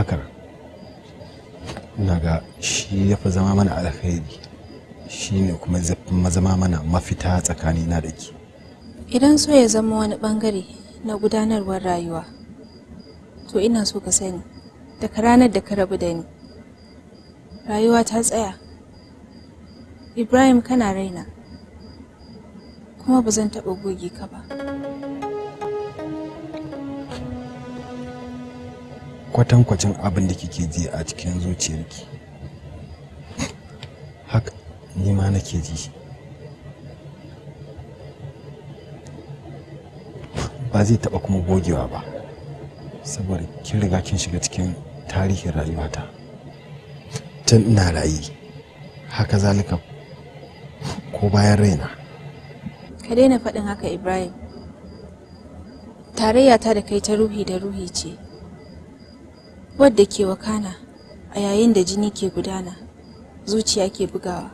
hakan ina ga shi ya zama mana alkhairi shi ne kuma zama mana mafita tsakani na da ke idan so ya zama wani bangare na gudanarwar rayuwa to ina so ka sani daga ranar da ka rabu da ni rayuwa ta tsaya ibrahim kana raina kuma ba zan taɓa goge ka ba kwatankwacin abin da kike ji a cikin zuciyarki haka ni ma nake ji ba zai taɓa kuma gogewa ba saboda kin riga kin shiga cikin tarihin rayuwata tun ina rayi haka zalika ko bayan raina ka daina faɗin haka ibrahim tarayyata da kai ta ruhi da ruhi ce wadda ke wakana a yayin da jini ke gudana zuciya ke bugawa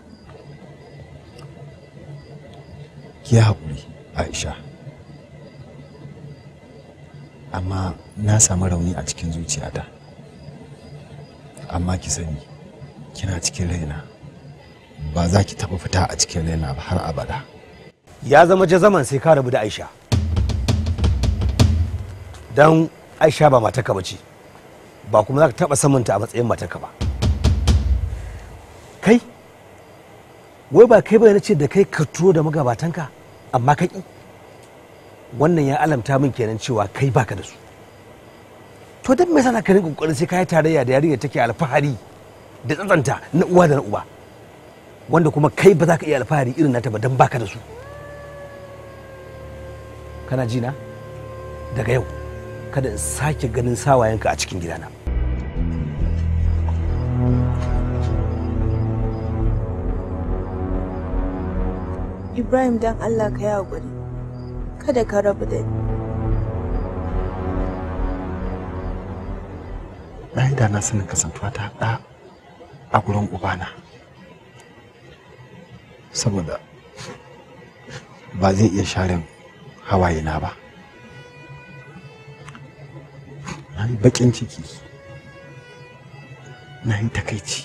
ki haƙuri aisha amma na samu rauni a cikin zuciyata amma ki sani kina cikin raina ba za ki taɓa fita a cikin raina ba har abada ya zama jazaman sai ka rabu da aisha don aisha ba mataka ba ce ba kuma za ka taɓa ta a matsayin matarka ba kai wai ba kai bai ce da kai ka turo da magabatanka amma ka wannan ya alamta min kenan cewa kai baka da su to dan me sana ka rin kokarin sai kai tarayya da yarinya take alfahari da tsantsanta na uwa da na uba wanda kuma kai ba za ka iya alfahari irin nata ba dan baka da su kana jina daga yau kada in sake ganin sawayenka a cikin gidana Ibrahim dan Allah ka yi haƙuri, kada ka rabu da ni. Na yi da sanin kasantuwa ta ɗa a gurin ubana. Saboda ba zai iya sharin hawaye na ba. Na yi baƙin ciki, na yi takaici,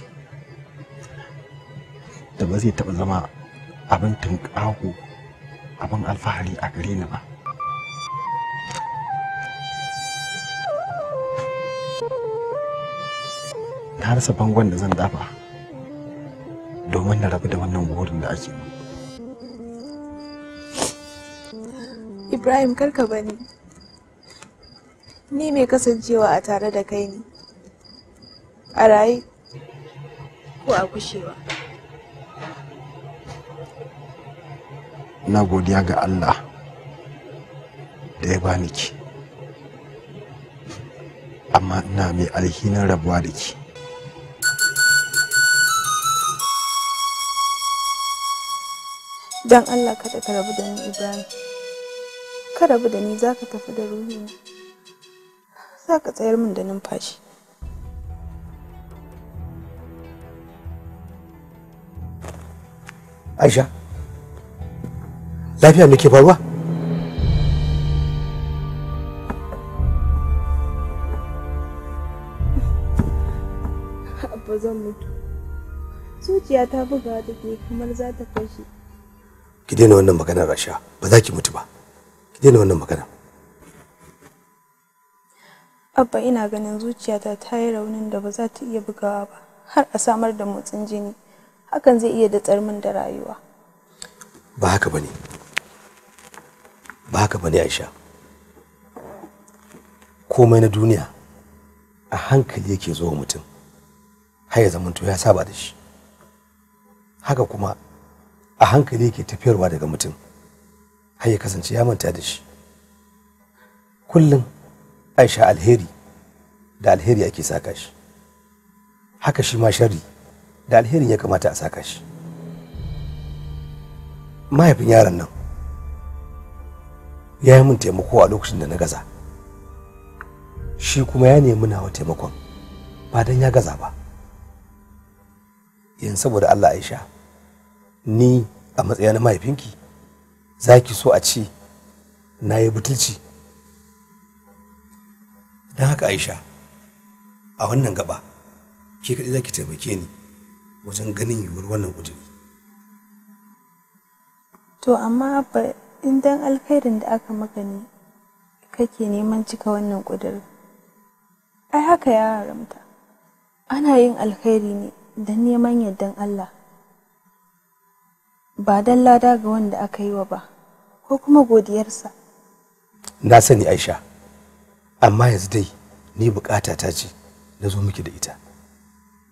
da ba zai taɓa zama abin tunƙaho abin alfahari a gare ni ba na rasa bangon da zan dafa domin na rabu da wannan wurin da ake mu ibrahim karka bani ni mai kasancewa a tare da kai ne a raye ko a kushewa na godiya ga Allah da ya bani ki amma ina mai alhinin rabuwa da ki don Allah kada ka rabu da ni Ibrahim ka rabu da ni zaka tafi da ruhina zaka tsayar min da numfashi Aisha lafiya me ke faruwa ba zan mutu zuciya ta buga da ke kamar za ta fashe ki daina wannan maganar rasha ba za ki mutu ba ki daina wannan magana abba ina ganin zuciyata ta yi raunin da ba za ta iya bugawa ba har a samar da motsin jini hakan zai iya datsar min da rayuwa ba haka ba ne ba haka ba ne aisha komai na duniya a hankali yake zuwa mutum har ya zamanto ya saba da shi haka kuma a hankali yake tafiyarwa daga mutum har ya kasance ya manta da shi kullum aisha alheri da alheri ake saka shi haka shi ma shari da alherin ya kamata a saka shi mahaifin yaron nan ya yi min taimako a lokacin da na gaza shi kuma ya nemi nawa taimakon ba don ya gaza ba yanzu saboda allah aisha ni a matsayin mahaifinki zaki so a ce na yi butulci don haka aisha a wannan gaba ke kaɗai zaki ki taimake ni wajen ganin yiwuwar wannan kudin to amma ba in dan alkhairin da aka maka ne kake neman cika wannan ƙudurin ai haka ya haramta ana yin alkhairi ne don neman yardan Allah ba don lada ga wanda aka yi wa ba ko kuma godiyarsa na sani aisha amma yanzu dai ni bukata ta ce na zo miki da ita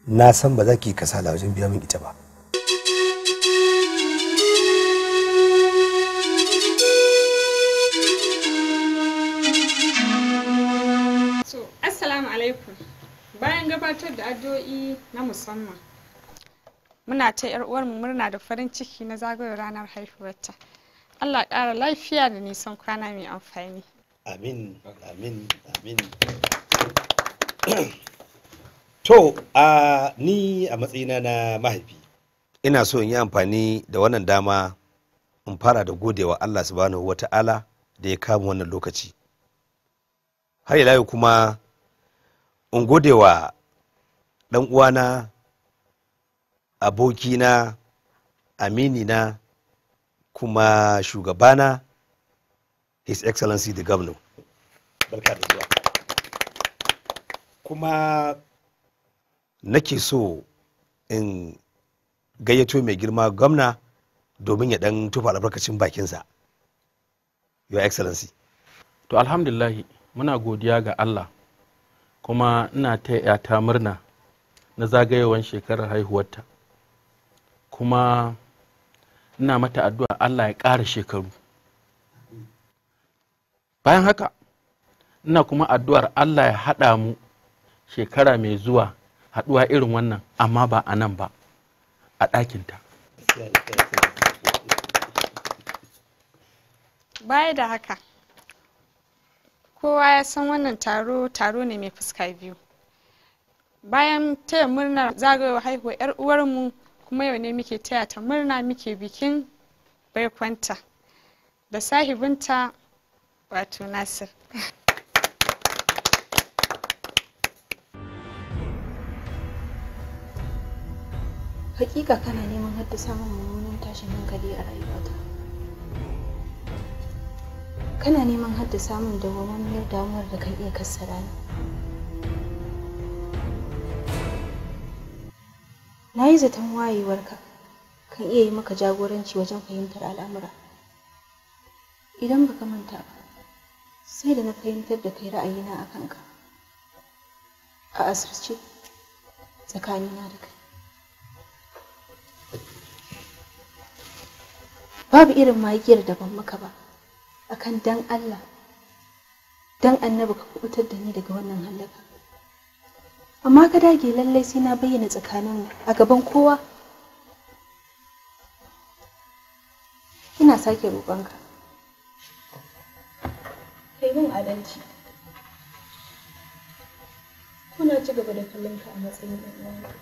na san ba za ki kasala wajen biya min ita ba gabatar da addu'o'i na musamman muna ta yar mu murna da farin ciki na zagayowar ranar haihuwarta allah ƙara lafiya da nisan kwana mai amfani amin amin amin to a ni a matsayina na mahaifi ina so in yi amfani da wannan dama in fara da godewa allah subhanahu wata'ala da ya kama wannan lokaci har ila kuma in godewa ɗan uwana abokina aminina kuma shugabana his excellency the governor barka da zuwa kuma nake so in gayyato mai girma gwamna domin ya ɗan tufa albarkacin bakinsa your excellency to alhamdulahi muna godiya ga allah kuma ina ta murna na zagayowar shekarar haihuwarta kuma ina mata addu'a Allah ya ƙara shekaru bayan haka ina kuma addu'ar Allah ya haɗa mu shekara mai zuwa haɗuwa irin wannan amma ba a nan ba a ɗakinta baya da haka kowa ya san wannan taro taro ne mai fuska biyu bayan taya murnar zagayowar haihuwar yar uwarmu kuma yau ne muke taya ta murna muke bikin baikwanta da sahibinta wato nasir hakika kana neman haddasa min mummunan tashin hankali a rayuwata kana neman haddasa min dawwammamiyar damuwar da kan iya kassara ni na yi zaton ka kan iya yi maka jagoranci wajen fahimtar al'amura idan baka manta ba sai da na fahimtar da kai ra'ayina a kanka a asirce tsakanina da kai babu irin magiyar da ban maka ba akan dan Allah dan annabi ka kubutar da ni daga wannan halaka amma ka dage lallai sai na bayyana tsakaninmu a gaban kowa ina sake roƙonka kai min adalci kuna ci gaba da kallon ka a matsayin ɗan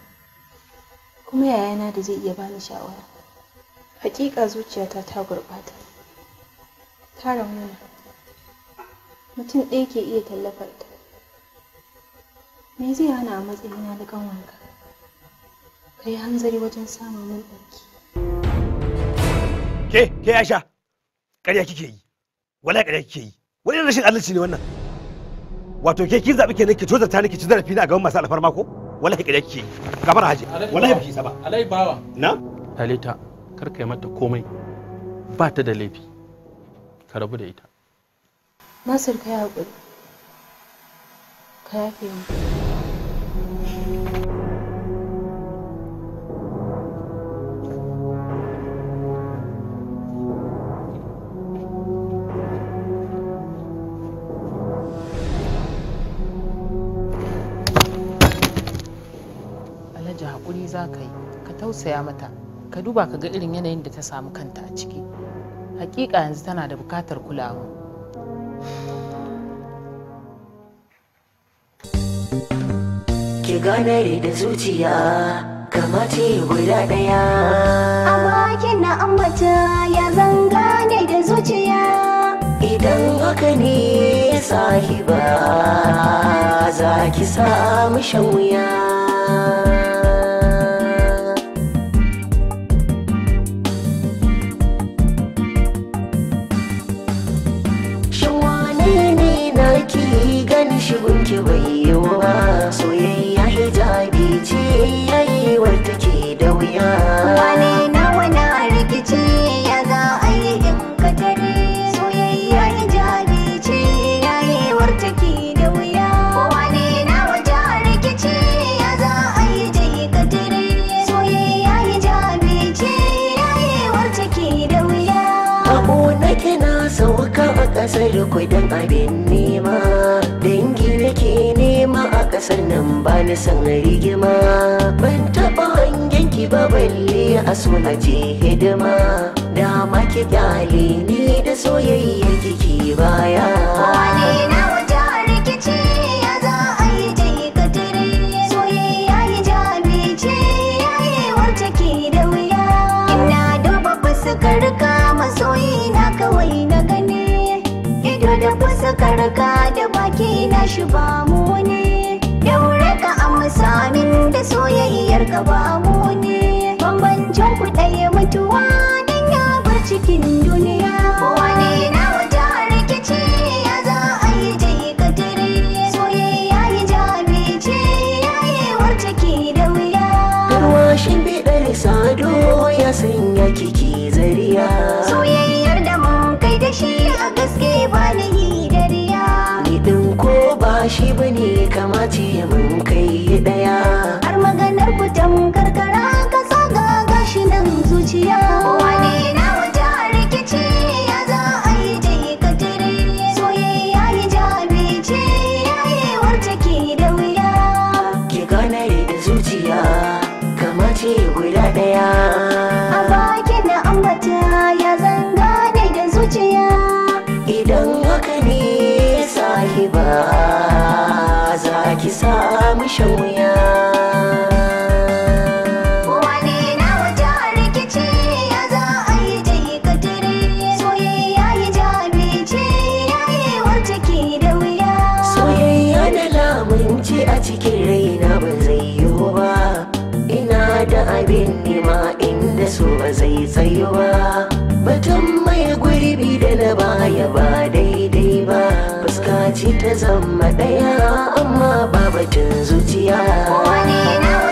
kuma yayana da zai iya bani shawara hakika zuciyata ta gurɓata ta raunana mutum ɗaya ke iya tallafarta. ta me zai hana a matsayina na ƙanwanka ka yi hanzari wajen samun min ɗauki ke ke aisha ƙarya kike yi wala ƙarya kike yi wani rashin adalci ne wannan wato ke kin zaɓi kenan ki tozar ta ki ci zarafi na gaban masu alfarma ko wallahi ƙarya kike yi gabar haji wallahi biki saba alai bawa na talita kar yi mata komai ba ta da laifi ka rabu da ita nasir ka yi haƙuri ka yafe mu tausaya mata ka duba ka ga irin yanayin da ta samu kanta a ciki hakika yanzu tana da bukatar kulawa ki ganare da zuciya kamace guda daya amma kina ambata ya zanga ne da zuciya idan haka ne sahiba za ki samu shan wuya nan bani ni san rigima ban taɓa hangen ki ba balle a so je hidima Da ki kyale ni da soyayya kiki baya wani na wuce rikici ya za a yi je katire soyayya yi jamice ya yi wacce ki da wuya ina duba fuskarka masoyi na kawai na gani ido da fuskarka da baki na shi ba wani samin da soyayyar ka ba mu ne ku mutuwa dan ya bar cikin duniya Wani na wata rikici ya za a yi jai katare soyayya yi jami ce yayewar take da wuya garwashin da sado ya sanya kiki zariya soyayyar da mun kai da shi a gaske ba na yi dariya ni ko ba shi bane kamace mun daya har maganar fitan karkara ka saga gashi nan zuciya wani na wuta rikici ya za a yi jikatiri soyayya hijabi ce yayewar take da wuya ki gane da zuciya kama ce guda daya a baki ya zanga da zuciya idan za ki tsayo ba batun mai gurbi da na baya ba daidai ba fuska ce ta zama daya amma ba batun zuciya wani na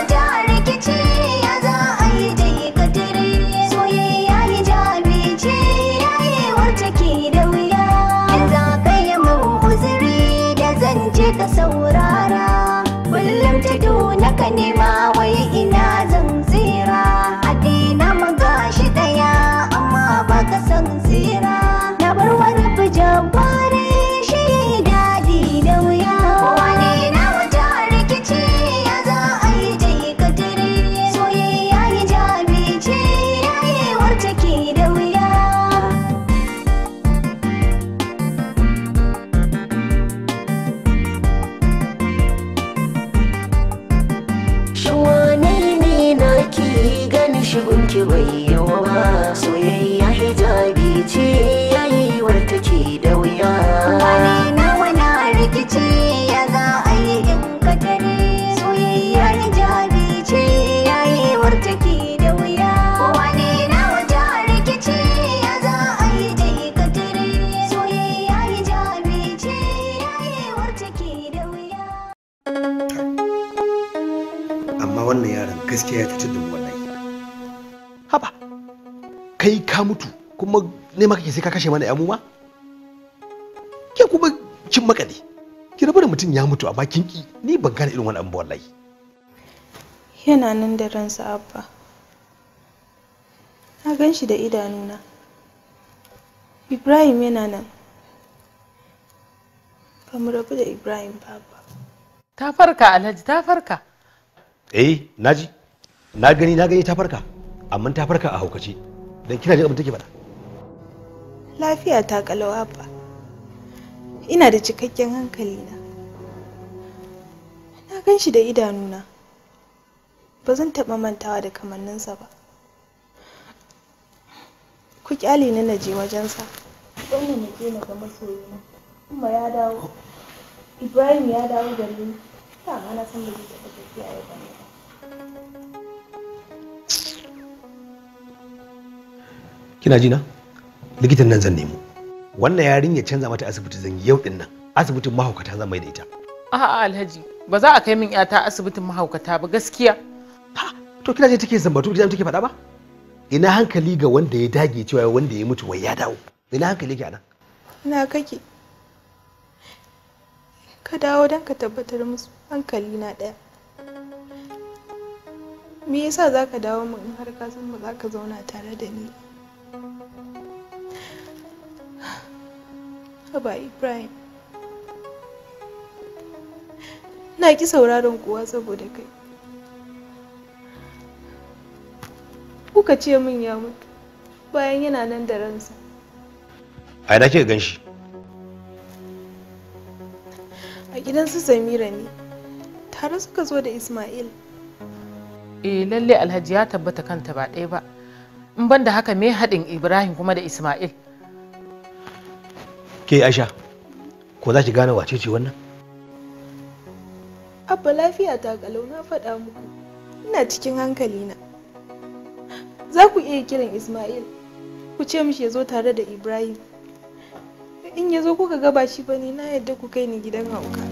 sai ka kashe mana ya mu ma ke kuma cin makale ki rabu da mutum ya mutu amma kin ki ni ban gane irin wani abu wallahi yana nan da ransa abba na gan shi da idanuna ibrahim yana nan ba mu rabu da ibrahim baba ta farka alhaji ta farka eh naji na gani na gani ta farka amma ta farka a haukace dan kina jin abin take faɗa lafiya ta kalawa ba ina da cikakken hankali na na gan shi da idanuna ba zan taɓa mantawa da kamanninsa ba ku kyale ni na je wajensa don mu je na ga masoyina kuma ya dawo ibrahim ya dawo da ni ta ma na san da zai taɓa tafiya ya ba kina ji na likitan nan zan nemo wannan yarin ya canza mata asibiti zan yau din nan asibitin mahaukata zan mai da ita a'a alhaji ba za a kai min yata asibitin mahaukata ba gaskiya ha to kina je take zambatu kina take faɗa ba ina hankali ga wanda ya dage cewa wanda ya mutu wai ya dawo ina hankali ke anan ina kake ka dawo don ka tabbatar musu hankali na ɗaya me yasa za ka dawo mu in har ka san ba za ka zauna tare da ni haba ibrahim na ki sauraron kuwa saboda kai kuka ce min ya mutu bayan yana nan da ransa a ina kika gan shi a gidan su samira ne tare suka zo da ismail eh lalle alhaji ya tabbata kanta ba ɗaya ba in ban da haka me haɗin ibrahim kuma da ismail ke aisha ko za ki gane wace ce wannan abba lafiya ta kalau na faɗa muku ina cikin hankali na za ku iya kiran ismail ku ce mishi ya zo tare da ibrahim in ya zo kuka gaba shi ba ne na yadda ku kai ni gidan hauka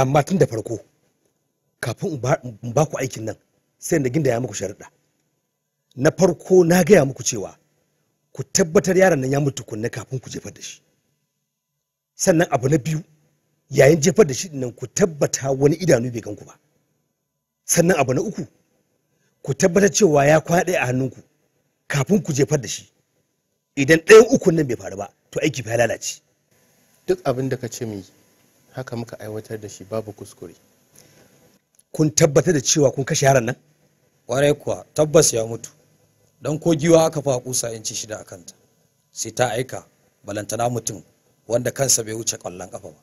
amma tun da farko kafin in ba ku aikin nan sai na ginda ya muku sharuɗa na farko na gaya muku cewa ku tabbatar yaron nan ya mutu kunne kafin ku jefar da shi sannan abu na biyu yayin jefar da shi nan ku tabbata wani idanu bai ganku ba sannan abu na uku ku tabbatar cewa ya kwana ɗaya a hannunku kafin ku jefar da shi idan ɗayan ukun nan bai faru ba to aiki fa lalace duk abin da ka ce mai haka muka aiwatar da shi babu kuskure kun tabbatar da cewa kun kashe yaron nan warai kuwa tabbas ya mutu don ko giwa aka fa kusa inci shida a kanta sai ta aika balantana mutum wanda kansa bai wuce ƙwallon kafa ba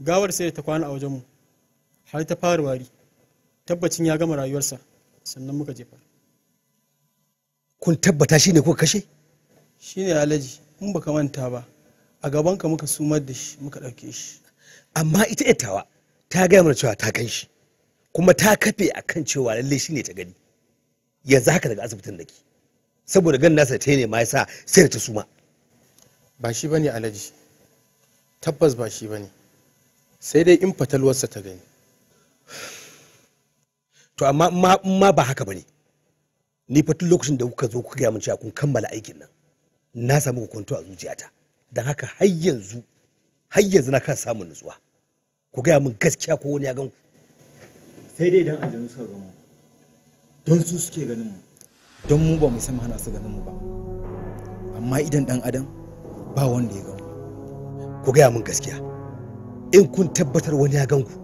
gawar sai ta kwana a wajenmu har ta fara wari tabbacin ya gama rayuwarsa sannan muka jefa kun tabbata shine kuka kashe shine alaji in baka manta ba a gabanka muka sumar da shi muka ɗauke shi amma ita tawa ta gaya mana cewa ta gan shi kuma ta kafe a kan cewa lallai shi ne ta gani yanzu haka daga asibitin ke saboda gan nasa ta ne ma sa sai da ta suma ba shi ba ne alaji tabbas ba shi ba ne sai dai in fatalwarsa ta gani to amma ma ba haka ba ne ni fa tun lokacin da kuka zo kuka gaya min cewa kun kammala aikin nan na samu kwanto a zuciyata don haka har yanzu har yanzu na kan samun nutsuwa ku gaya min gaskiya ko wani ya gan sai dai idan aljanu suka gamu don su suke ganin mu don mu ba mu san hana su ganin mu ba amma idan dan adam ba wanda ya gan ku gaya min gaskiya in kun tabbatar wani ya gan ku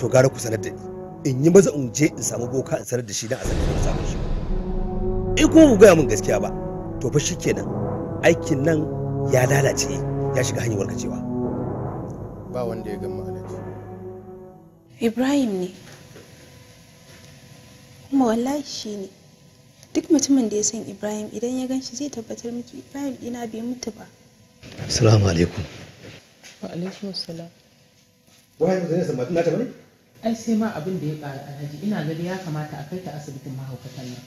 to gara ku sanar da ni in yi maza in je in samu boka in sanar da shi dan a sanar da samun shi in kuma ku gaya min gaskiya ba to fa shikenan aikin nan ya lalace ya shiga hanyar warkacewa ba wanda ya gama ibrahim ne kuma wallahi shi ne duk mutumin da ya san ibrahim idan ya ganshi zai tabbatar miki ibrahim ina bai mutu ba assalamu alaikum wa alaikum assalam wai yanzu ne sambatin ta bane ai sai ma abin da ya ƙara alhaji ina gani ya kamata a kai ta asibitin mahaukatan nan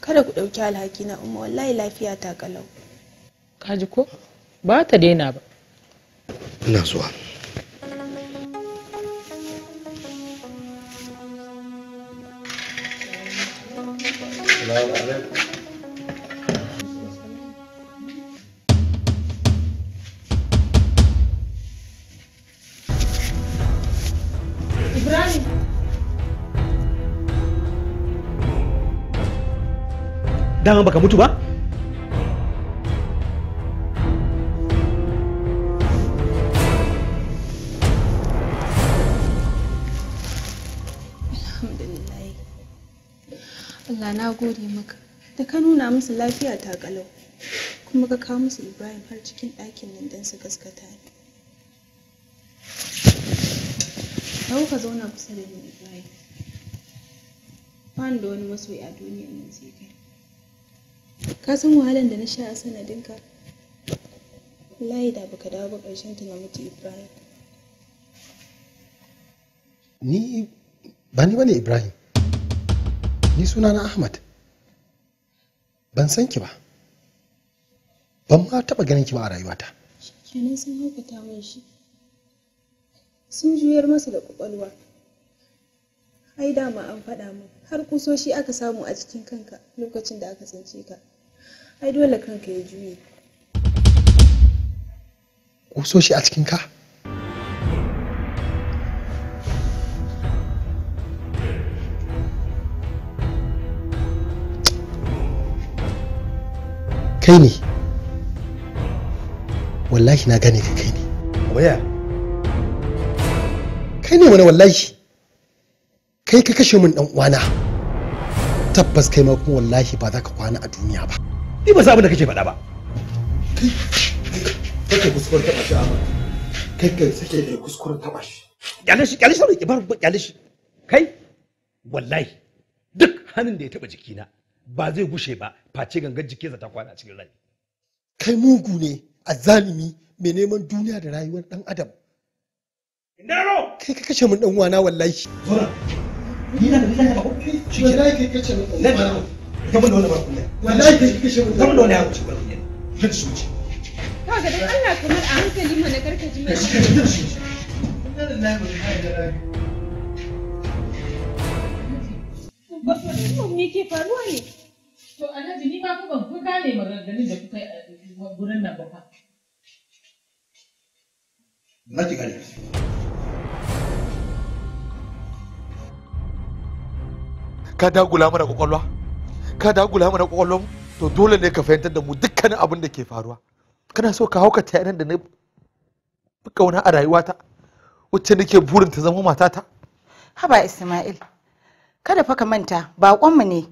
kada ku ɗauki alhaki na umma wallahi lafiya ta kalau kaji ko ba ta daina ba ina zuwa Selamun Dama baka mutu ba? na gode maka da ka nuna musu lafiya ta kalau kuma ka kawo musu ibrahim har cikin ɗakin nan don su gaskata ni dawo ka zauna kusa da ni ibrahim bani da wani masoyi a duniya nan sai kai ka san wahalan da na sha a sanadinka layi da baka dawo ba ƙarshen ta na mutu ibrahim ni ba ni ne ibrahim ni suna na ahmad ban san ki ba ban ma taɓa ganin ki ba a rayuwata kenan sun haukata mai shi sun juyar masa da kwakwalwa ai dama an faɗa min har kusoshi aka samu a cikin kanka lokacin da aka tsince ka ai dole kanka ya juye kusoshi a cikin ka kai ne wallahi na gane ka kai ne waya kai ne wani wallahi kai ka kashe min dan uwana tabbas kai ma kuma wallahi ba za ka kwana a duniya ba ni ba abin da kake faɗa ba kai kai kuskuren taɓa shi kai kai sake da kuskuren taɓa shi kyale shi kyale shi kyale shi kai wallahi duk hannun da ya taɓa jikina ba zai gushe ba face gangan jikinsa ta kwana cikin rai kai mugu ne a zalimi mai neman duniya da rayuwar dan adam indaro kai ka kashe mun dan uwana wallahi ni na da zaka ba shi ke dai kai kashe mun dan uwana ka bunda wannan ba kunya wallahi kai kashe mun ka mun dole ya wuce ba kunya ka shi ka ga dai Allah kamar a hankali mana karkaji mai ba to me ke faruwa ne to alhaji ni ma fa ban ku gane maganganun da kuka yi a gurin nan ba fa na ki gane ka dagula mana kwakwalwa ka dagula mana kwakwalwa to dole ne ka fahimtar da mu dukkanin abin da ke faruwa kana so ka hauka ta da na kauna a rayuwata wacce nake burin ta zama matata haba isma'il kada fa ka manta baƙonmu ne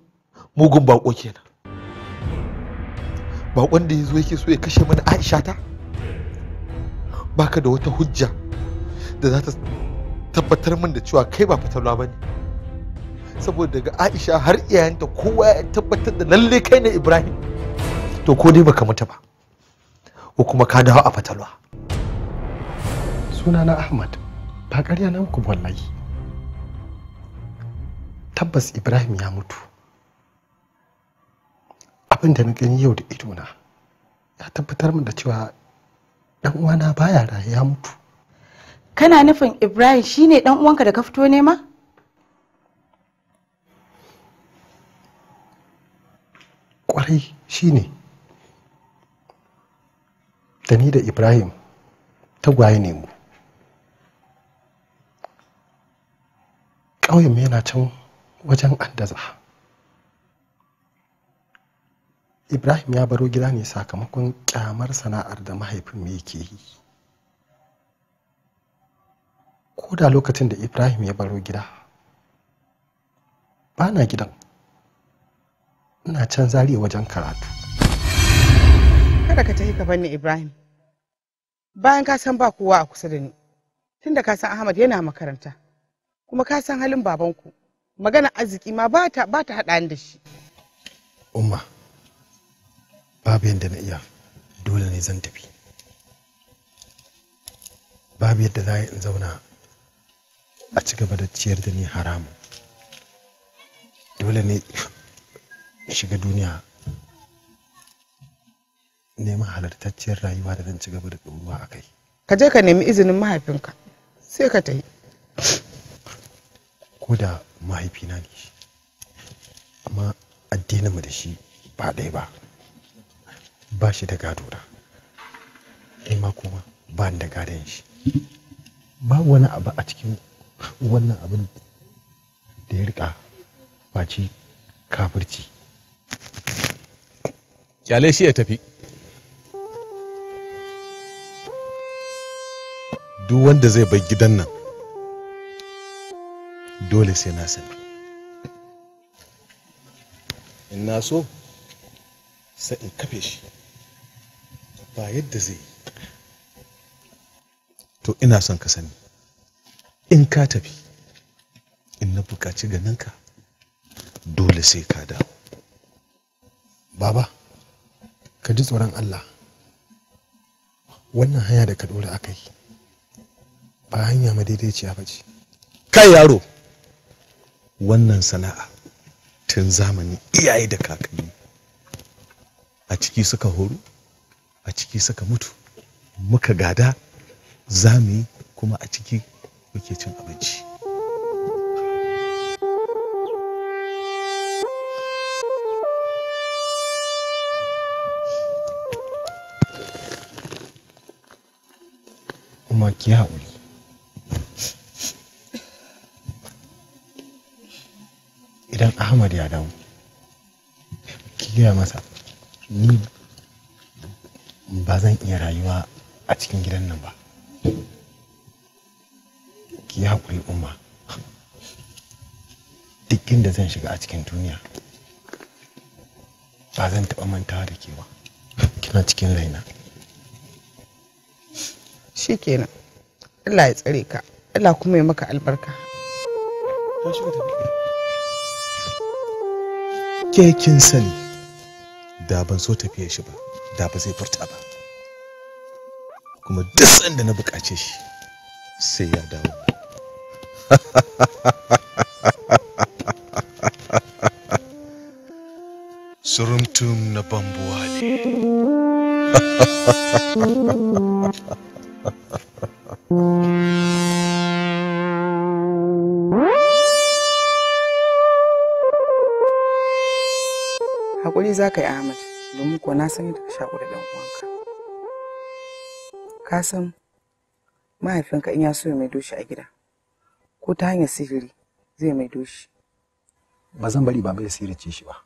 mugun baƙo kenan baƙon da ya zo yake so ya kashe mana aisha ta baka da wata hujja da za ta tabbatar min da cewa kai ba fatalwa ba ne saboda daga aisha har iyayenta kowa ya tabbatar da lalle kai ne ibrahim to ko dai baka mutu ba ko kuma ka dawo a fatalwa sunana ahmad ba ƙarya na muku wallahi tabbas ibrahim ya mutu abinda na gani yau da idona ya tabbatar min da cewa dan uwana baya raye ya mutu kana nufin ibrahim shine dan uwanka da ka fito nema kwarai shine da ni da ibrahim tagwaye ne mu ƙauyenmu yana can wajen addaza ibrahim ya baro gida ne sakamakon kyamar sana'ar da mahaifin mai yake yi ko da lokacin da ibrahim ya baro gida ba na gidan ina can zari wajen karatu kada ka tafi ka ni ibrahim bayan ka san ba kowa a kusa da ni tunda ka san ahmad yana makaranta kuma ka san halin babanku magana arziki ma ba ta hada ni da shi umma babu yadda na iya dole ne zan tafi babu yadda za in zauna a ci gaba da ciyar da ni haramu dole ne shiga duniya neman halartacciyar rayuwa da zan ci gaba da ɗoruwa a kai ka je ka nemi izinin mahaifinka sai ka ta yi ko da mahaifina ne shi amma mu da shi ba ɗaya ba ba shi da gado da ma kuma ba da gadon shi ba wani abu a cikin wannan abin da ya rika face kafirci kyale shi ya tafi duk wanda zai bai gidan nan dole sai na sani in na so sai in kafe shi ba yadda zai yi to ina son ka sani in ka tafi in na buƙaci ganinka dole sai ka dawo baba ka ji tsoron allah wannan hanya da ka dora aka yi ba hanya madaidaiciya ba ce kai yaro wannan sana'a tun zamani iyaye da kakanni a ciki suka horo a ciki suka mutu muka gada za yi kuma a ciki muke cin abinci kuma ahmad ya dawo ki gaya masa ni ba zan iya rayuwa a cikin gidan nan ba ki yi haƙuri umma duk inda zan shiga a cikin duniya ba zan taɓa mantawa da ke ba kina cikin raina shi kenan allah ya tsare ka allah kuma ya maka albarka ke kin sani da ban so tafiya shi ba da ba zai furta ba kuma duk sanda na bukace shi sai ya dawo surumtum na bambuwa ne san yadda ka shaƙu da ɗan uwanka ka san mahaifinka in ya so ya mai doshi a gida ko ta hanyar sihiri zai mai doshi. ba zan bari baba ya sihirce shi ba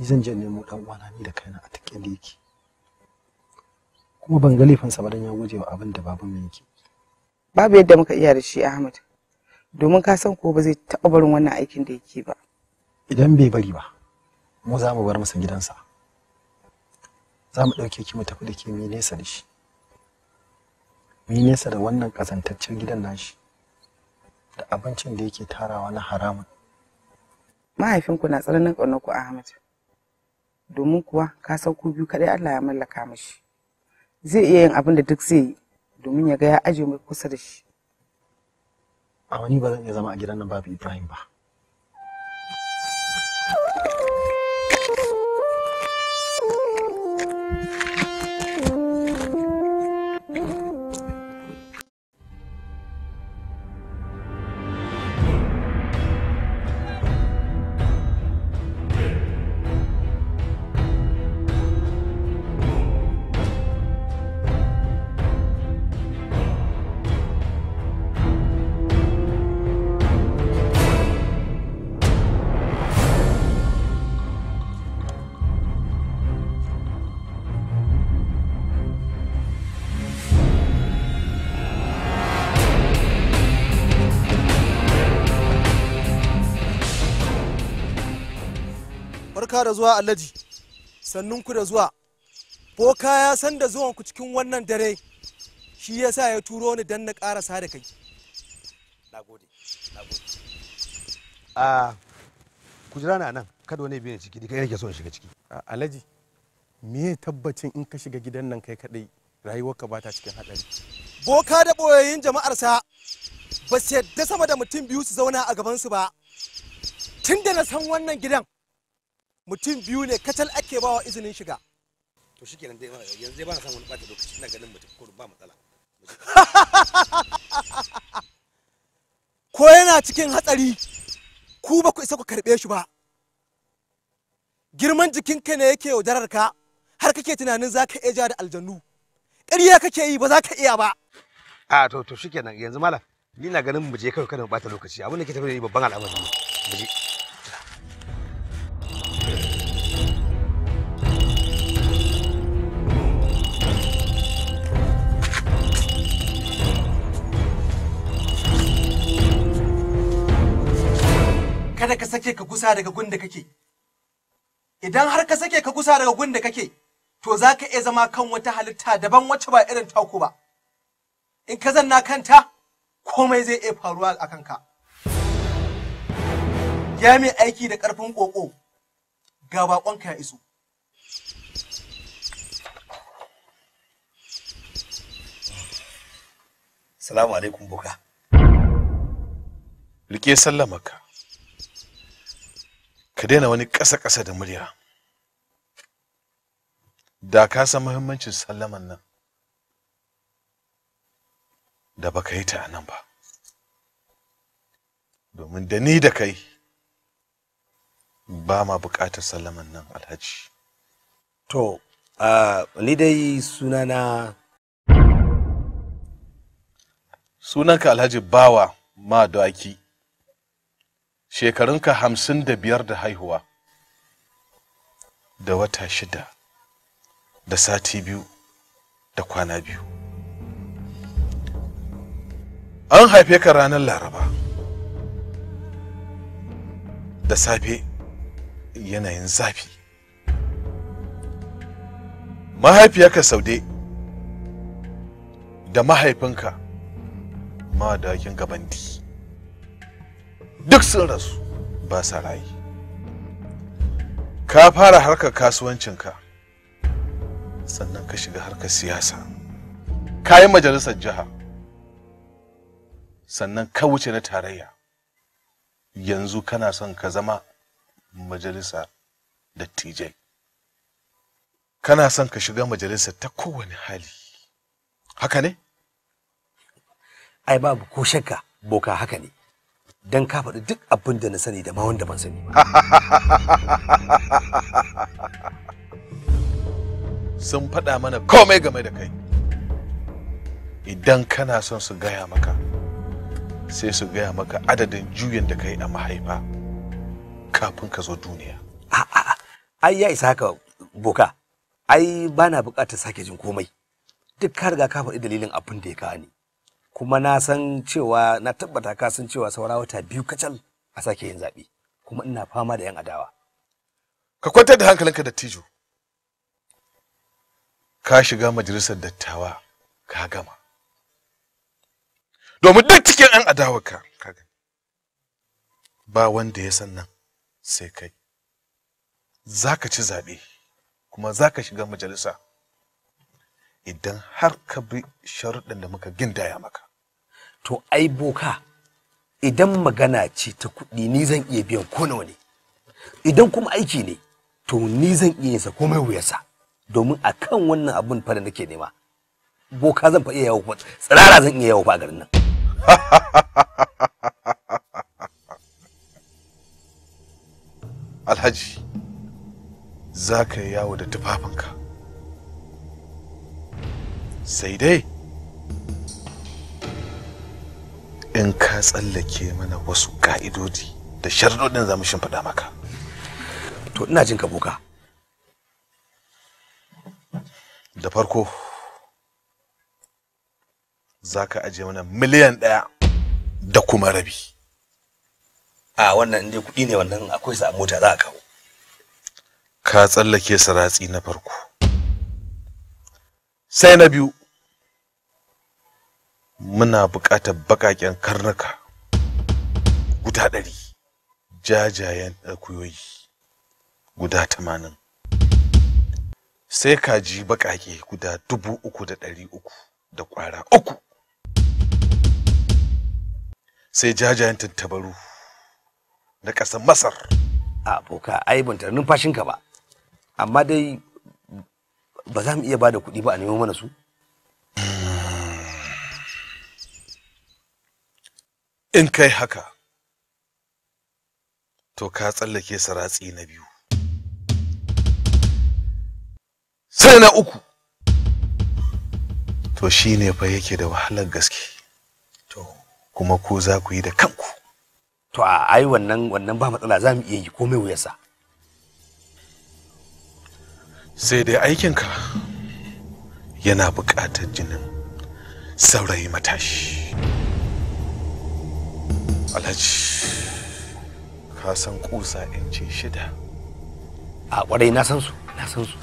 ni zan je nemo ɗan uwana ni da kaina a taƙin da yake kuma ban ga laifinsa ba dan ya guje wa abin da baban mai yake babu yadda muka iya da shi Ahmad domin ka san ko ba zai taɓa barin wannan aikin da yake ba idan bai bari ba mu za mu bar masa gidansa za mu ɗauke ki mu tafi da ke mu nesa da shi mu nesa da wannan kazantaccen gidan nashi da abincin da yake tarawa na haramun mahaifinku na tsananin ƙaunar ku Ahmad domin kuwa ka san ku biyu kaɗai Allah ya mallaka mashi zai iya yin abin da duk zai yi domin ya ga ya aje mai kusa da shi a wani ba zan iya zama a gidan nan babu Ibrahim ba zuwa alhaji sannun ku da zuwa boka ya san da zuwanku cikin wannan dare shi ya sa ya turo ni don na karasa da kai nagode nagode a kujira na nan kada wani biyu ciki dika yake nake so shiga ciki alhaji me tabbacin in ka shiga gidan nan kai kadai rayuwarka ba ta cikin hadari Boka da ɓoyayin jama'arsa ba su yadda sama da mutum biyu su zauna a gabansu ba. Tun da na san wannan gidan mutum biyu ne kacal ake bawa izinin shiga to shi kenan yanzu dai ba na samun wani ɓata lokaci ina ganin mutum ko ba matsala ko yana cikin hatsari ku ba ku isa ku karɓe shi ba girman jikinka ne yake yaudarar ka har kake tunanin za ka iya ja da aljannu ƙarya kake yi ba za ka iya ba a to to kenan yanzu malam ni na ganin mu je kawai kada mu bata lokaci abin da ke tafiya da babban al'amari ne mu je kada ka sake ka gusa daga gun da kake idan har ka sake ka gusa daga gun da kake to za ka iya zama kan wata halitta daban wacce ba irin taku ba in ka zanna kanta komai zai iya faruwa a kanka ya mai aiki da ƙarfin ƙoƙo ga baƙonka ya iso salamu alaikum buka rike sallamaka ka daina wani ƙasa-ƙasa da murya da ka san muhimmancin sallaman nan da baka yi ta a nan ba domin da ni da kai ba ma buƙatar sallaman nan alhaji to ni dai sunana sunanka alhaji bawa ma dawaki shekarunka hamsin da biyar da haihuwa da wata shida da sati biyu da kwana biyu an haife ka ranar laraba da safe yanayin zafi mahaifiyarka saude da mahaifinka madakin gabandi duk sun rasu ba sa rayu ka fara harkar kasuwancinka sannan ka shiga harkar siyasa ka yi majalisar jiha sannan ka wuce na tarayya yanzu kana son ka zama majalisa dattijai kana son ka shiga majalisa ta kowane hali haka ne ai babu ko shakka boka haka ne don ka faɗi duk abin da na sani da ma wanda ban sani Sun faɗa mana komai game da kai. Idan kana son su gaya maka, sai su gaya maka adadin juyin da kai a mahaifa kafin ka zo duniya. Ai ya isa haka boka, ai ba na buƙatar sake jin komai. Duk ka riga ka faɗi dalilin abin da ya kawo ni. kuma na san cewa na tabbata ka san cewa saura wata biyu kacal a sake yin zaɓe kuma ina fama da yan adawa ka kwantar da hankalinka da tijo ka shiga majalisar dattawa ka gama domin duk cikin yan adawarka ka ba wanda ya san nan sai kai za ka ci zaɓe kuma za ka shiga majalisa idan har ka bi sharuɗin da muka gindaya maka to ai boka idan magana ce ta kuɗi ni zan iya biyan ko nawa ne idan kuma aiki ne to ni zan iya yinsa komai wuyarsa domin a kan wannan abun fa da nake nema boka zan fa iya yawo kuma tsirara zan iya yawo fa a garin nan alhaji za ka yi yawo da tufafinka sai dai in ka tsallake mana wasu ka'idodi da sharuɗin za mu maka to ina jin ka boka da farko za ka aje mana miliyan ɗaya da kuma rabi a wannan inda kuɗi ne wannan akwai sa mota za a kawo ka tsallake saratsi na farko sai na biyu muna buƙatar baƙaƙen karnuka guda ɗari jajayen akuyoyi guda tamanin sai kaji baƙaƙe guda dubu uku da ɗari uku da ƙwara uku sai jajayen tattabaru na ƙasar masar aboka ai ban tara numfashinka ba amma dai ba za mu iya ba da kuɗi ba a nemo mana su hmm, in kai haka to ka tsallake saratsi na biyu sai na uku to shi ne fa yake da wahalar gaske to kuma ko za ku yi da kanku to a ai wannan wannan ba matsala za mu iya yi komai wuyarsa sai dai aikinka yana buƙatar jinin saurayi matashi alhaji ka san kusa inci shida a kwarai na san su na san su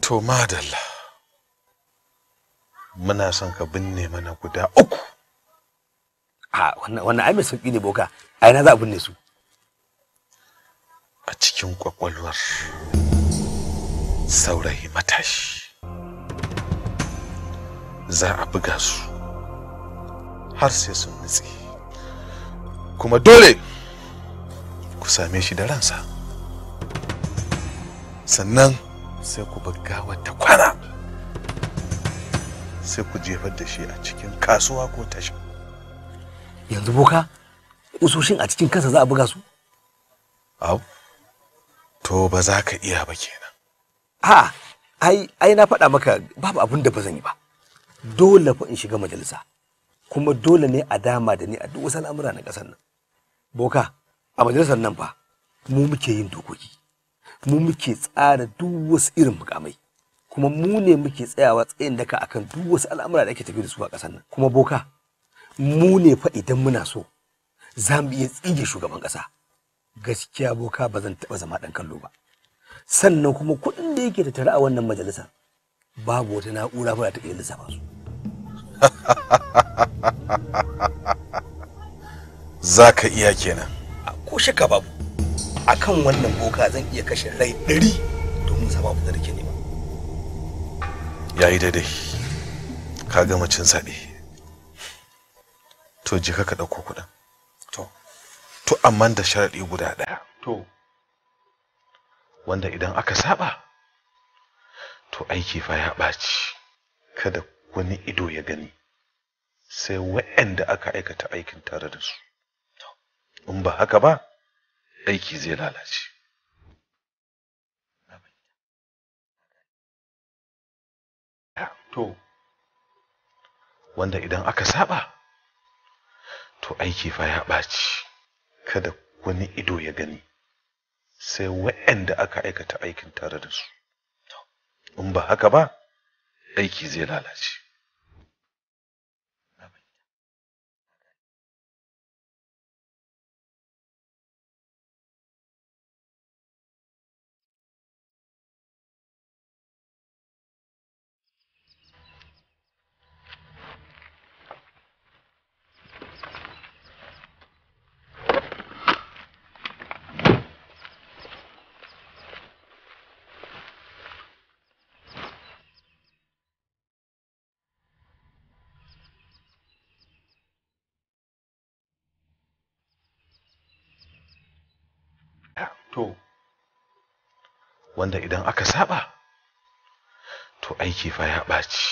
to madalla muna son ka binne mana guda uku a wannan ai mai sauki ne boka ai na za a binne su a cikin kwakwalwar saurayi matashi za a buga su har sai sun nutse kuma dole ku same shi da ransa sannan sai ku gawar ta kwana sai ku jefar da shi a cikin kasuwa ko tashi yanzu boka kusoshin a cikin kansa za a buga su au to ba za ka iya ba kenan A ai ai na faɗa maka babu abin da ba zan yi ba dole fa in shiga majalisa kuma dole ne a dama da ni a duk wasu al'amura na ƙasar nan boka a majalisar nan fa mu muke yin dokoki mu muke tsara duk wasu irin mukamai kuma mu ne muke tsayawa tsayin daka akan duk wasu al'amura da ake tafi da su a ƙasar nan kuma boka mu ne fa idan muna so za mu iya tsige shugaban ƙasa gaskiya boka ba zan taɓa zama ɗan kallo ba sannan kuma kuɗin da yake da tare a wannan majalisar babu wata na'ura ba ta iya lissafa su za ka iya kenan ko shaka babu akan wannan boka zan iya kashe rai ɗari domin zama da nake nema ya yi daidai ka gama cin zaɓe to ji ka ɗauko kuɗin to to amma da sharaɗi guda ɗaya to wanda idan aka saba to aiki fa ya ɓaci kada wani ido ya gani sai waɗanda aka aikata aikin tare da su in ba haka ba aiki zai lalace to wanda idan aka saba to aiki fa ya ɓaci kada wani ido ya gani sai waɗanda aka aikata aikin tare da su in ba haka ba aiki zai lalace wanda idan aka saba to aiki fa ya ɓaci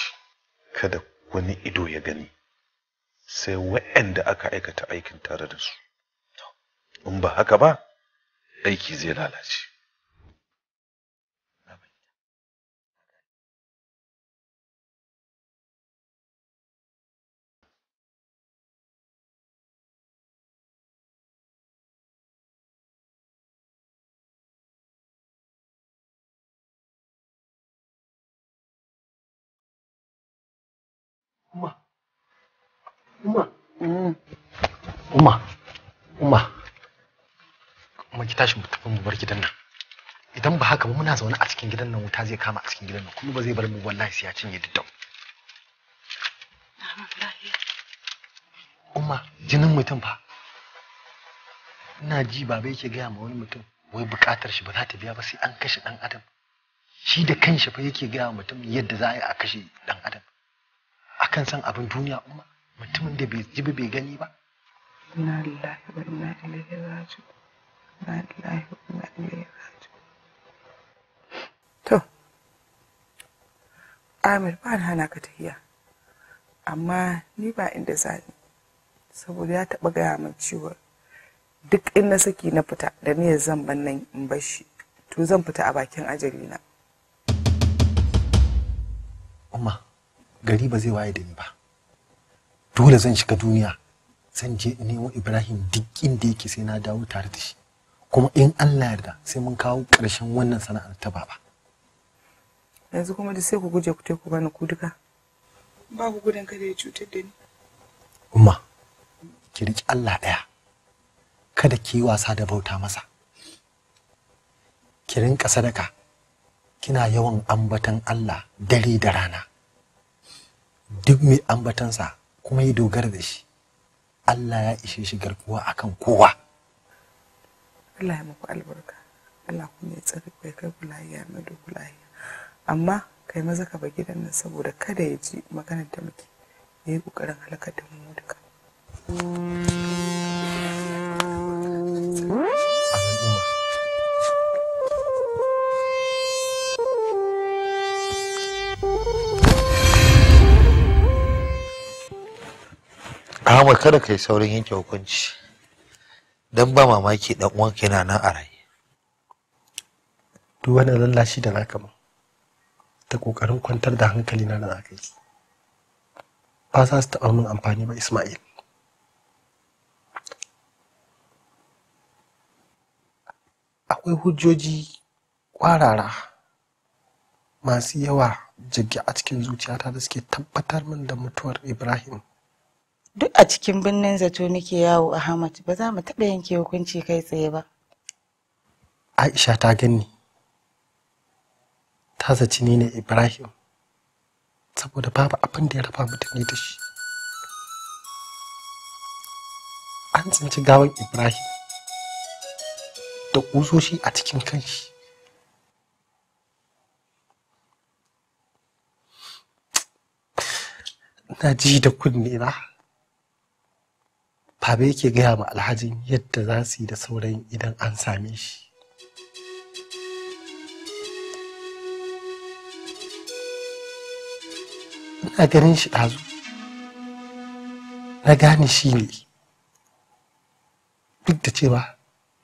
kada wani ido ya gani sai waɗanda aka aikata aikin tare da su in ba haka ba aiki zai lalace Umma. Uma, mm. Umma. kuma ki tashi mu tafi mu bar gidan nan. Idan ba haka ba muna zaune a cikin gidan nan wuta zai kama a cikin gidan nan kuma ba zai bar mu wallahi sai ya cinye dukkan. Uma, jinin mutum fa. Ina ji baba yake gaya ma wani mutum wai bukatar shi ba za ta biya ba sai an kashe dan adam. Shi da kanshi fa yake gaya wa mutum yadda za a yi a kashe ɗan adam. kan san abin duniya umma. mutumin da bai ji bai gani ba inna lillahi wa inna ilaihi raji'un inna lillahi wa inna ilaihi raji'un to Amir ba na hana ka tafiya amma ni ba inda za ni saboda ya taɓa gaya min cewa duk in na saki na fita da niyyar zan ban nan in bar shi to zan fita a bakin ajali na umma gari ba zai waye da ni ba dole zan shiga duniya zan je in nemo ibrahim duk inda yake sai na dawo tare da shi kuma in allah yarda sai mun kawo ƙarshen wannan sana'ar ta baba yanzu kuma da sai ku guje ku ku gane ku duka ba ku gudun kada ya cutar da ni umma ki riƙi allah ɗaya kada ki yi wasa da bauta masa ki rinka sadaka kina yawan ambatan allah dare da rana duk mai ambatansa kuma yi dogara da shi Allah ya ishe shi garkuwa akan kowa Allah ya muku albarka Allah kuma ya tsare kai kai ku mai ku lahiya amma kai maza ka ba gidan nan saboda kada ya ji maganar da muke yayi yi kokarin halaka da mu duka. Muhammad kada ka yi saurin yanke hukunci don ba mamaki dan uwanka yana nan a raye. Duk wani lallashi da naka ma ta kokarin kwantar da hankali na da naka yi. Ba za su taɓa min amfani ba Ismail. Akwai hujjoji kwarara masu yawa jirgi a cikin zuciyata da suke tabbatar min da mutuwar Ibrahim duk a cikin birnin zato nake yawo ahmad ba za mu taɓa yanke hukunci kai tsaye ba aisha ta gani ta zaci ni ne ibrahim saboda babu abin da ya rafa mutane da shi an tsinci gawan ibrahim da ƙusoshi a cikin kanshi na ji da kunne na fabe yake gaya ma alhajin yadda za su yi da sauran idan an same shi. Ina ganin shi ɗazu. Na gane shi ne. Duk da cewa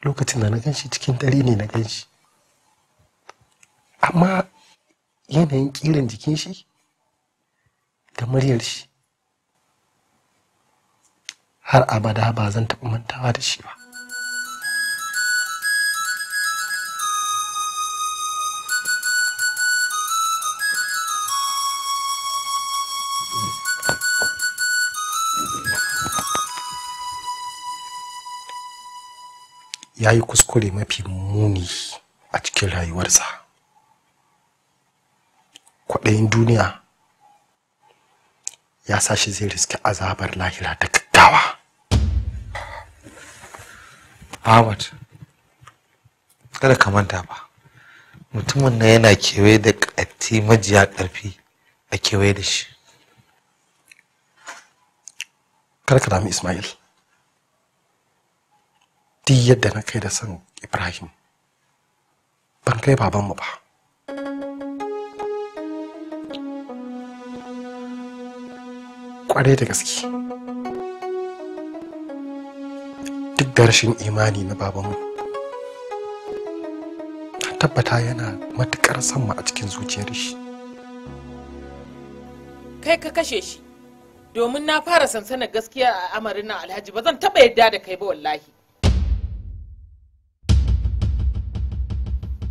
lokacin da na gan shi cikin dare ne na gan shi. Amma yanayin ƙirin jikin shi da muryar shi har abada ba zan taɓa mantawa da shi ba ya yi kuskure mafi muni a cikin rayuwarsa kwaɗayin duniya ya sa shi zai riske azabar lahira ta Ahmad, kada ka manta ba. Mutumin nan yana kewaye da ƙatti majiya karfi a kewaye da shi. Kar ka dami Ismail. Duk yadda na kai da san Ibrahim, ban kai babanmu ba. Ƙwarai da gaske. garshin imani na babanmu tabbata yana matuƙar son mu a cikin zuciyar shi kai ka kashe shi domin na fara sansanar gaskiya a amarin nan alhaji ba zan taɓa yadda da kai ba wallahi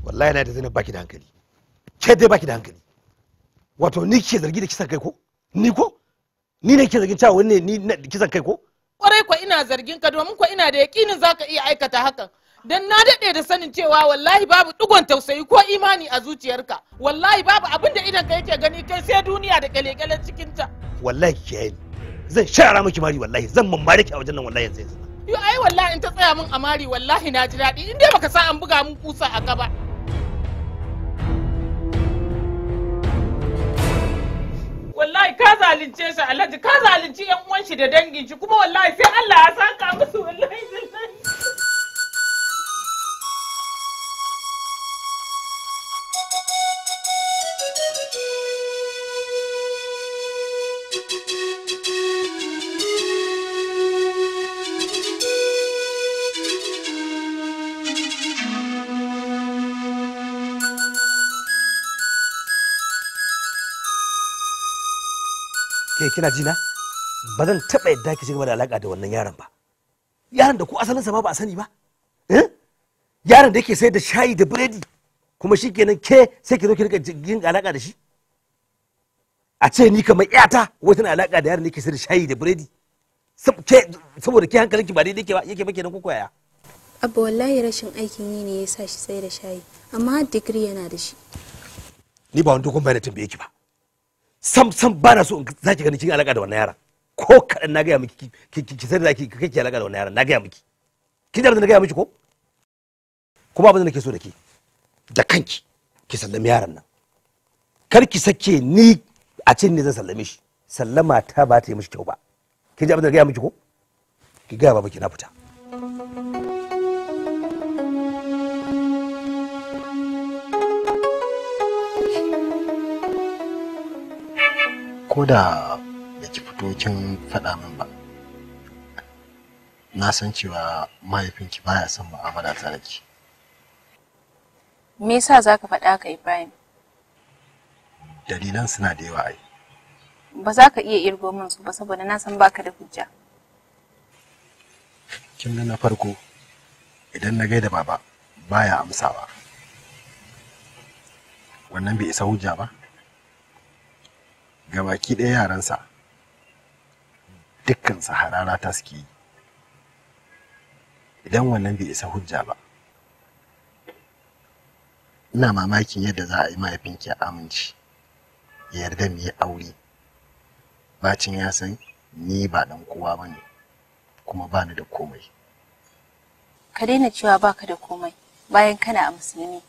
wallahi na da zina baki da hankali ke dai baki da hankali wato ni ke zargi da kisan kai ko ni ko ni ne ke zargin cewa wani ne ni kisan kai ko kwarai kwa ina zargin ka domin kwa ina da yaƙinin za ka iya aikata hakan dan na daɗe da sanin cewa wallahi babu ɗigon tausayi ko imani a zuciyarka wallahi babu abin da idan ka yake gani kai sai duniya da kyale-kyalen cikinta wallahi yayin zan shara miki mari wallahi zan mammare ki a wajen nan wallahi yanzu yo ai wallahi in ta tsaya min amari wallahi na ji daɗi in dai baka sa an buga min kusa a gaba wallahi ka zalunce shi alhaji ka zalunci yan uwan shi da dangin shi kuma wallahi sai Allah ya saka musu wallahi kina jina ba zan taɓa yadda ki shiga da alaƙa da wannan yaron ba yaron da ko asalinsa ba ba a sani ba eh? yaron da yake sayar da shayi da biredi kuma shi kenan ke sai ki zo ki rika yin alaƙa da shi a ce ni kamar iyata wata na alaƙa da yaron da yake sayar da shayi da biredi saboda ke hankalinki ba daidai yake ba kenan kuka koyaya abu wallahi rashin aikin yi ne ya sa shi sai da shayi amma digiri yana da shi ni ba wani dokon bayan tambaye ki ba sam sam ba na so in ki ganin kin alaka da wannan yara ko kadan na gaya miki ki sai da ki kai ki alaka da wannan yara na gaya miki kin da na gaya miki ko kuma abin da nake so da ke da kanki ki sallami yaran nan kar ki sake ni a cin ne zan sallame shi sallama ta ba ta yi mishi kyau ba kin da abin da gaya miki ko ki gaya baba ki na fita ko da ki fito kin faɗa min ba na san cewa mahaifinki baya son mu'amala ta da ki me yasa zaka faɗa ka Ibrahim dalilan suna da yawa ai ba za ka iya irgo min su ba saboda na san baka da hujja kin ga na farko idan na gaida baba baya amsawa wannan bai isa hujja ba ga baki ɗaya yaransa dukkansa harara ta suke yi idan wannan bai isa hujja ba ina mamakin yadda za a yi mahaifinki ya aminci ya yarda mu yi aure bacin ya san ni ba dan kowa ba ne kuma ba ni da komai ka daina cewa baka da komai bayan kana a musulmi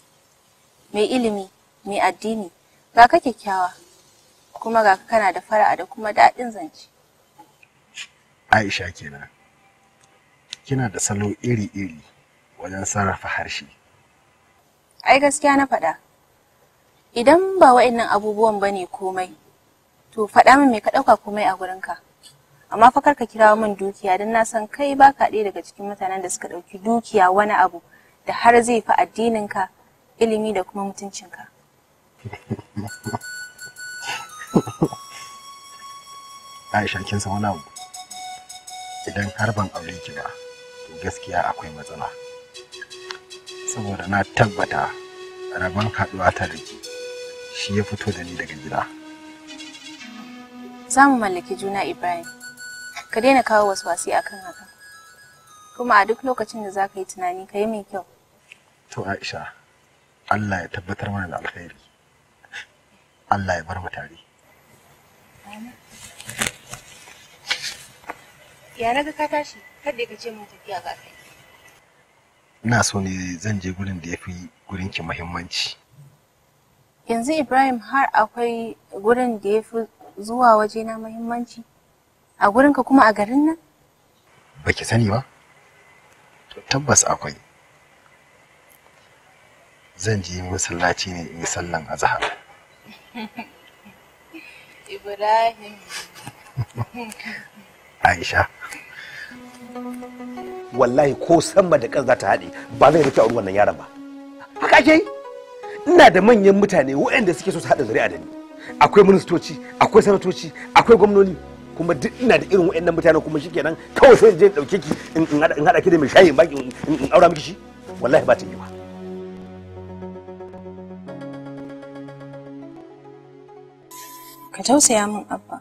mai ilimi mai addini ga ka kyakkyawa kuma ga kana da fara'a da kuma daɗin zance aisha kenan kina da salo iri-iri wajen sarrafa harshe ai gaskiya na faɗa idan ba wa'annan abubuwan ba ne komai to faɗa min me ka ɗauka komai a gurinka amma fa karka kirawo min dukiya don na san kai baka ɗaya daga cikin mutanen da suka ɗauki dukiya wani abu da har zai fi addininka ilimi da kuma mutuncinka Aisha kin san wani abu idan har ban aure ki ba to gaskiya akwai matsala saboda na tabbata rabon haɗuwa ta da shi ya fito da ni daga gida. Za mu mallaki juna Ibrahim ka daina kawo wasu wasi akan haka kuma a duk lokacin da za ka yi tunani ka yi mai kyau. To Aisha Allah ya tabbatar mana da alkhairi Allah ya bar mu tare. Ya na ka tashi, kada ka ce mun tafiya ga kai. Ina so ne zan je gurin da ya fi ki muhimmanci. Yanzu Ibrahim har akwai gurin da ya fi zuwa wajena muhimmanci? A gurinka kuma a garin nan? Baki sani ba? To tabbas akwai. Zan je masallaci ne in yi sallan azhar. Ibrahim. Aisha. Wallahi ko sama da kan za ta haɗe ba zai rufe a wannan nan yaron ba. Haka ke ina da manyan mutane waɗanda suke so su haɗa zuri'a da ni. Akwai ministoci, akwai sanatoci, akwai gwamnoni. kuma duk ina da irin waɗannan mutane, kuma shikenan kawai sai je ɗauke ki in haɗa ki da mai shayi in in aura miki shi wallahi ba ta yi ba. ka tausaya min abba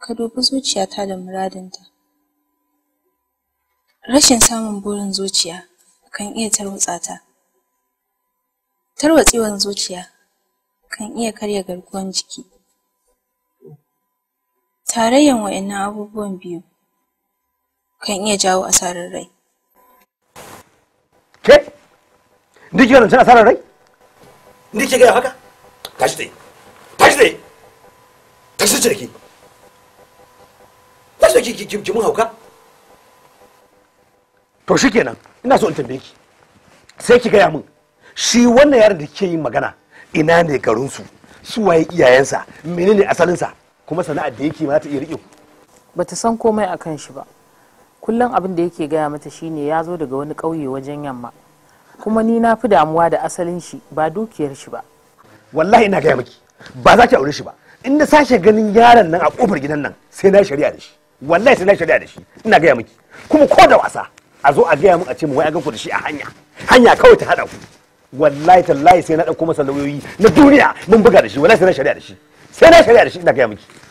ka dubi zuciyata da muradinta rashin samun burin zuciya kan iya tarwatsa ta tarwatsewan zuciya kan iya karya garkuwan jiki tarayyan wa'annan abubuwan biyu kan iya jawo asarar rai ke duk yawan asarar rai duk ke gaya haka tashi dai ka sace ki ba ki ki mun hauka to kenan ina so in tambaye ki sai ki gaya min shi wannan yaron da kike yin magana ina ne garin su su waye iyayensa menene asalinsa kuma sana'ar da yake ma ta iya riƙe bata san komai akan shi ba kullum abin da yake gaya mata shine ya zo daga wani ƙauye wajen yamma kuma ni na fi damuwa da asalin shi ba dukiyar shi ba wallahi ina gaya miki ba za ki aure shi ba in na sashe ganin yaron nan a kofar gidan nan sai na shari'a da shi wallahi sai na shari'a da shi ina gaya miki kuma ko da wasa a zo a gaya mu a ce mu wai ga ku da shi a hanya hanya kawai ta hada ku wallahi tallahi sai na dauko masa lauyoyi na duniya mun buga da shi wallahi sai na shari'a da shi sai na shari'a da shi ina gaya miki